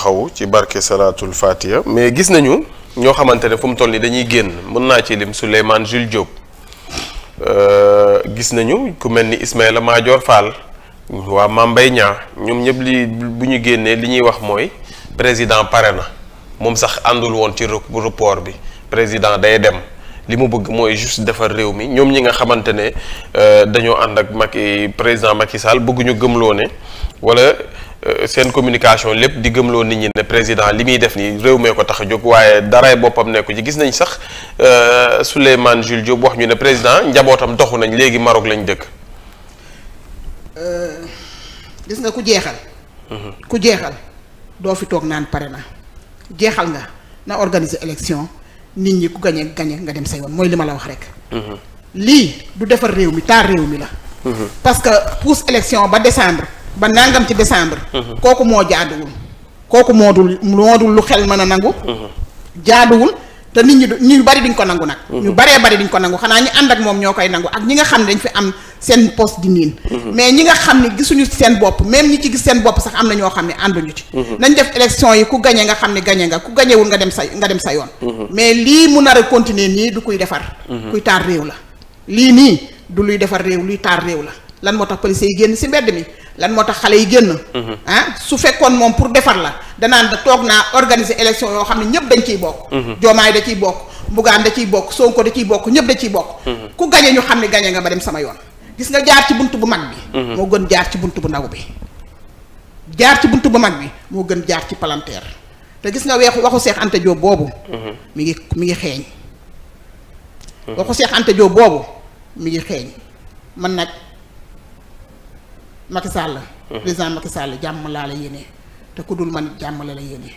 taxawu ci barke salaatul fatiha mais gis nañu ñoo xamante ne fu mu toll nii dañuy génn mën naa ci lim Souleymane Jules Diop euh, gis nañu ku mel ni Ismaïla Madior Fall waa Mame Mbaye Niang ñoom ñëpp li bu ñu génnee li ñuy wax mooy président pare na moom sax àndul woon ci report bi président day dem li mu bëgg mooy juste defar réew mi ñoom ñi nga xamante ne euh, dañoo ànd ak Macky président Macky Sall bëgguñu gëmloo ne Euh, seen communication lépp di loo nit ñi ne président li muy def nii réew mee ko tax a jóg waaye daraay boppam nekku ci gis nañ sax euh, Souleymane Jules Diop wax ñu ne président njabootam doxu nañ léegi Maroc lañ dëkk. Euh, gis nga ku jeexal. Mhm. ku jeexal doo fi toog naan pare na jeexal nga na organiser election nit ñi ku gañe gañe nga dem say woon mooy li ma la wax rek. Mhm. lii du defar réew mi taar réew mi la. Mhm. parce que pousse élection ba décembre. ba nangam ci décembre. Mhm. kooku moo jaaduwul. kooku moo dul moo dul lu xel mën a nangu. Mhm. jaaduwul te nit ñi ñuy bari duñ ko nangu nag. Mhm. ñu baree bari duñ ko nangu xanaa ñi ànd ak moom ñoo koy nangu ak ñi nga xam ne dañ fi am seen poste di niin. mais ñi nga xam ne gisuñu seen bopp même ñi ci gis seen bopp sax am na ñoo xam ne ànduñu ci. nañ def élection yi ku gañe nga xam ne gañe nga ku gañewul nga dem sa nga dem sa yoon. mais lii mu nar a continuer nii du kuy defar. kuy réew la lii nii du luy defar réew luy taar réew la lan moo tax policiers yi génn si mbedd mi. lan moo tax xale yi génn. Mhm. ah su fekkoon moom pour defar la danaan toog naa organiser élection yoo xam ne ñëpp dañ ciy bokk. joomaay mhm. da ciy bokk mbugaan da ciy bokk sonko da ciy bokk ñëpp da ciy bokk. Mhm. ku gañe ñu xam ne gañe nga ba dem sama yoon. gis nga jaar ci bunt bu mag bi. moo gën jaar ci bunt bu ndaw bi. ci bunt bu mag bi moo gën jaar ci palanteer te gis nga weex waxu Seex Anta boobu. mi ngi mi ngi xeeñ. waxu Seex Anta boobu mi ngi xeeñ mën nag. Macky Sall. président Macky Sall jàmm laa la yéene te ku dul man jàmm la la yéene.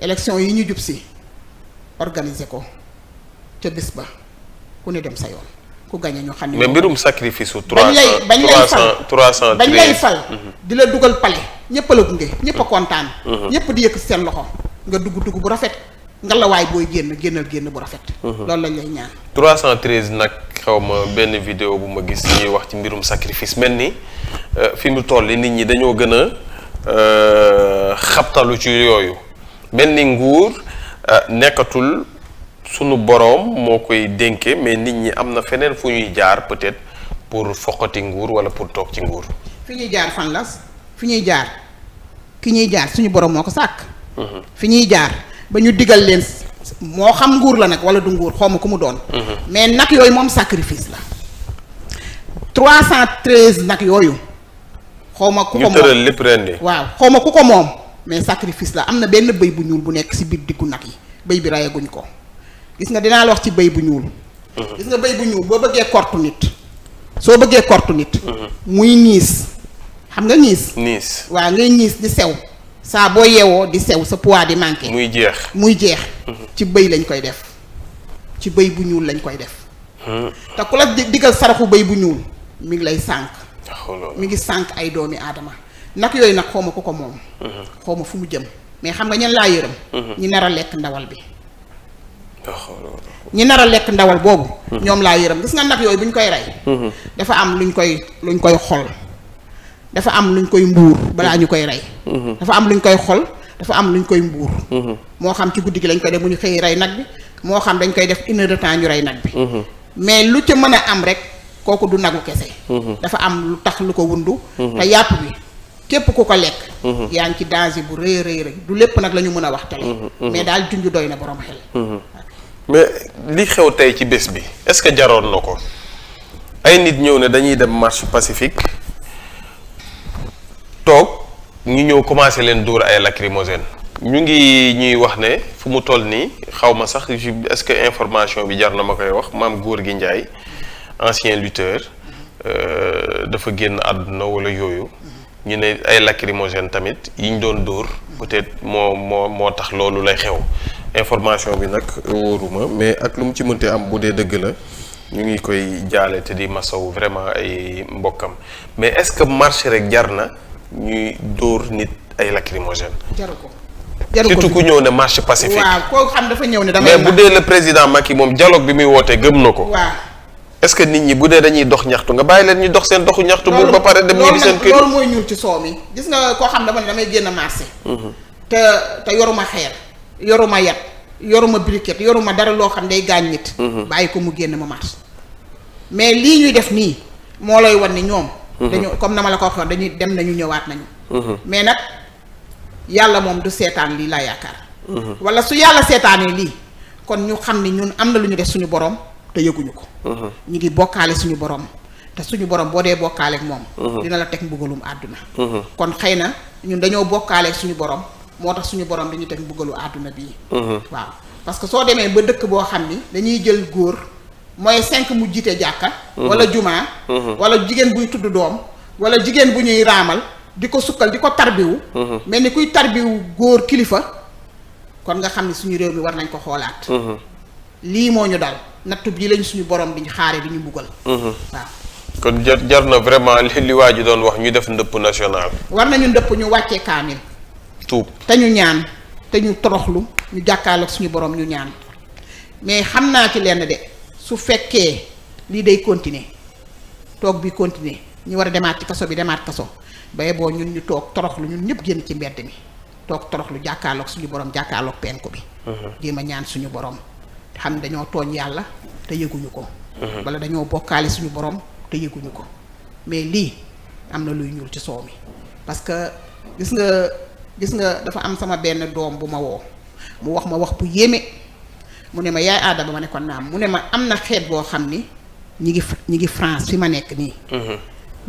élection yi ñu jub si organiser ko ca bis ba ku ne dem sa yoon ku gañe ñu xam ne. mais mbirum sacrifice su. trois bañ lay trois cent bañ lay fal di la dugal pale ñëpp la gunge ñëpp a kontaan. ñëpp di yëkk seen loxo nga dugg dugg bu rafet ngalawaay booy génn génnal génn bu rafet. loolu lañ lay ñaan. 313 nag. xew ma benn vidéo bu ma gis ñuy wax ci mbirum sacrifice mel ni euh, fi mu toll nit ñi dañoo gën a euh, xaptalu ci yooyu mel ni nguur euh, nekkatul sunu boroom moo koy dénkee mais nit ñi am na feneen fu ñuy jaar peut-être pour foqati nguur walla pour toog ci nguur. fi ñuy jaar fan fi ñuy jaar ki ñuy jaar suñu boroom moo ko sàkk. Mhm. fi ñuy jaar ba ñu digal leen. moo xam nguur la nag wala du nguur xaw ma ku mu doon. Mm-hmm. mais nag yooyu moom sacrifice la. 313 nag yooyu. xaw ma ku ko moom ñu lépp rendi xaw ma ku ko moom mais sacrifice la am na benn bëy bu ñuul bu nekk si biir diggu nag yi bëy bi rayaguñ ko gis nga dinaa la wax ci bëy bu ñuul. Mm-hmm. gis nga bëy bu ñuul boo bëggee kortu nit. soo bëggee kortu nit. Mm-hmm. muy niis xam nga niis. niis waaw ngay niis di sew. saa boo yeewoo di sew sa poids di manqué. muy jeex muy jeex. Mm-hmm. ci bëy lañ koy def ci bëy bu ñuul lañ koy def. Mm-hmm. te ku la digal saraxu bëy bu ñuul mi ngi lay sànq. Ah, oh, mi ngi sànq ay doomi aadama nag yooyu nag xawma ko ko moom. Mm-hmm. xawma fu mu jëm mais xam nga ñan laa yërëm. ñi nar a lekk ndawal bi. Ah, oh, ñi nar a lekk ndawal boobu. ñoom laa yërëm gis nga nag yooyu bu koy rey. dafa am luñ koy luñ koy xol. dafa am luñ koy mbuur balaa ñu koy rey mm-hmm. dafa am ñu koy xol dafa am lu ñu koy mbuur mm-hmm. moo xam ci guddi gi lañ koy def bu ñu xëyee rey nag bi moo xam dañ koy def une heure de ñu rey nag bi mm-hmm. mais lu ca mën a am rek kooku du nagu kese dafa am lu tax lu ko wundu te yàpp bi képp ku ko lekk yaa ngi ci danger bu rëy rëy rek du lépp nag la ñu mën a wax tele mais daal junj doy na borom xel mais li xew tey ci bés bi est-ce que jaroon na ko ay nit ñëw ne dañuy dem marche pacifique toog ñu ñëw commencé leen dóor ay lacrymogène ñu ngi ñuy wax ne fu mu toll nii xawma sax est-ce que information bi jar na ma koy wax maam góor gi Njaay ancien lutteur euh, dafa génn àdduna walla yooyu ñu ne ay lacrymogène tamit yi ñu doon dóor peut-être moo moo moo tax loolu lay xew information bi nag wóoruma mais ak lu mu ci mënte am bu dee dëgg la ñu ngi koy jaale te di masaw vraiment ay mbokkam mais est-ce que marché rek jar na ñuy dóor nit ay lacrymogène. jaru ko jaru ko surtout ku ñëw ne marche pacifique. waaw koo xam dafa ñëw ne dama mais bu dee le président Macky moom dialogue bi muy wootee gëm na ko. waaw est-ce que nit ñi bu dee dañuy dox ñaxtu nga bàyyi leen ñu dox seen doxu ñaxtu. bu ba pare dem ñibbi seen kër loolu mooy ñuul ci soow mi gis nga koo xam dama ne damay génn marché. Mhm. te te yoruma xeer yoruma yat yoruma briquette yoruma dara loo xam day gaañ nit. Mhm. bàyyi ko mu génn ma marché mais lii ñuy def nii moo lay wan ni ñoom Mm-hmm. dañu comme na ma la ko waxoon dañuy dem nañu ñëwaat nañu mm-hmm. mais nag yàlla moom du seetaan lii laa yaakaar mm-hmm. wala su yàlla seetaanee lii kon ñu xam ni ñun am na lu ñu def suñu borom te yëguñu ko ñu ngi bokkaale suñu borom te suñu borom boo dee bokkaale moom dina la teg mbugalum àdduna kon xëy na ñun dañoo bokkaale suñu borom moo tax suñu borom dañu teg mbugalu àdduna bii waaw parce soo demee ba dëkk boo xam ni dañuy jël góor mooy cinq mu jiite jàkka mhm. wala jumaa mhm. wala jigéen buy tudd doom wala jigéen bu ñuy raamal di ko sukkal di ko tarbiwu mel mhm. ni kuy tarbiwu góor kilifa kon nga xam ne suñu réew mi war nañ ko xoolaat lii moo ñu dal nattu bi lañ suñu borom di xaare di ñu mbugal waaw kon jar jar na vraiment li waa ji doon wax ñu def ndëpp national war nañu ndëpp ñu wàcce kaamil tuub te ñu ñaan te ñu toroxlu ñu jàkkaarloog suñu borom ñu ñaan mais xam naa ci lenn de su fekkee lii day continuer toog bi continuer ñu war a demaat ci kaso bi demaat kaso baye boo ñun ñu toog toroxlu ñun ñëpp génn ci mbedd mi toog toroxlu jàkkaarloog suñu borom jàkkaarloog penku bi. Uh-huh. jéem a ñaan suñu borom xam ne dañoo tooñ yàlla te yëguñu ko. Uh-huh. wala dañoo bokkaale suñu borom te yëguñu ko mais lii am na luy ñuul ci soow mi parce que gis nga gis nga dafa am sama benn doom bu ma woo mu wax ma wax bu yéeme. mu ne ma yaay aadama ma ne ko naam mu ne ma am na xeet boo xam ni ñi ngi ñi ngi France fi ma nekk nii mm-hmm.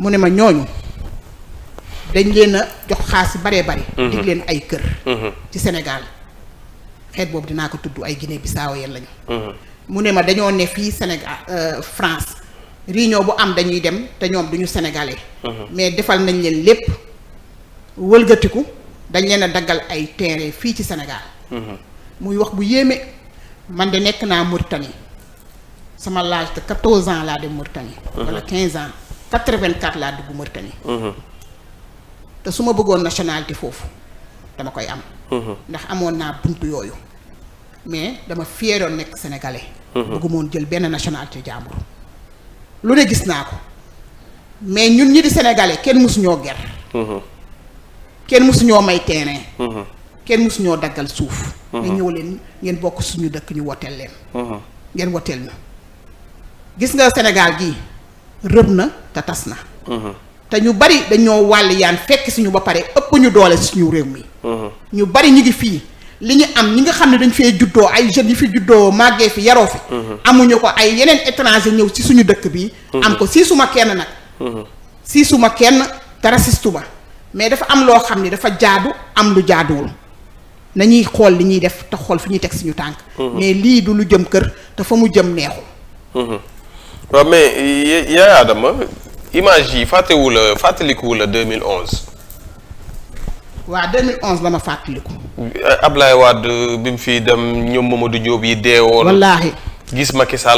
mu ne ma ñooñu dañ leen a jox xaalis yu baree bari mm-hmm. ay kër mm-hmm. ci Sénégal xeet boobu dinaa ko tudd ay Guinée Bissau yeen lañu mu ne ma dañoo ne fii Sénégal euh, France réunion bu am dañuy dem te ñoom duñu sénégalais mais defal nañ leen lépp wëlgatiku dañ leen a daggal ay terrain fii ci Sénégal muy wax bu yéeme man de nekk naa Mauritanie sama l'âge de 14 ans laa dem Mauritanie. Mhm. wala 15 ans 84 laa dugg Mauritanie. Mhm. te su ma bëggoon nationalité foofu dama koy am. Mhm. ndax amoon naa buntu yooyu mais dama fiéroon nekk sénégalais. bëggumoon jël benn nationalité jàmbur. lu ne gis naa ko mais ñun ñi di sénégalais kenn mësuñoo ger. kenn mësuñoo may terrain. kenn mësu ñoo daggal suuf. Uh-huh. nga ñëw leen ngeen bokk suñu dëkk ñu woteel leen. Uh-huh. ngeen woteel ñu. gis nga Sénégal gii rëb na te tas na. Uh-huh. te ñu bari dañoo wàll yaan fekk suñu ba pare ëpp ñu doole suñu réew mi. ñu bari ñu ngi fii li ñu am ñi nga xam ne dañ fee juddoo ay jeunes yi fi juddoo màggee fi yaroo fi. amuñu ko ay yeneen étranger ñëw ci suñu dëkk bi. am ko sii suma kenn nag. sii suma kenn te rasistu ma mais dafa am loo xam ne dafa jaadu am lu jaaduwul. nañuy xool li ñuy def te xool fi ñuy teg suñu tànk. Mhm. mais lii du lu jëm kër te fa mu jëm neexul. Mhm. waaw mais Yaya image yi fàttewu la fàttaliku la 2011. waa 2011 la ma fàttaliku. Ablaye Wade bi mu fi dem ñoom Mamadou Diop yi deewoon. wallaahi gis Macky Sall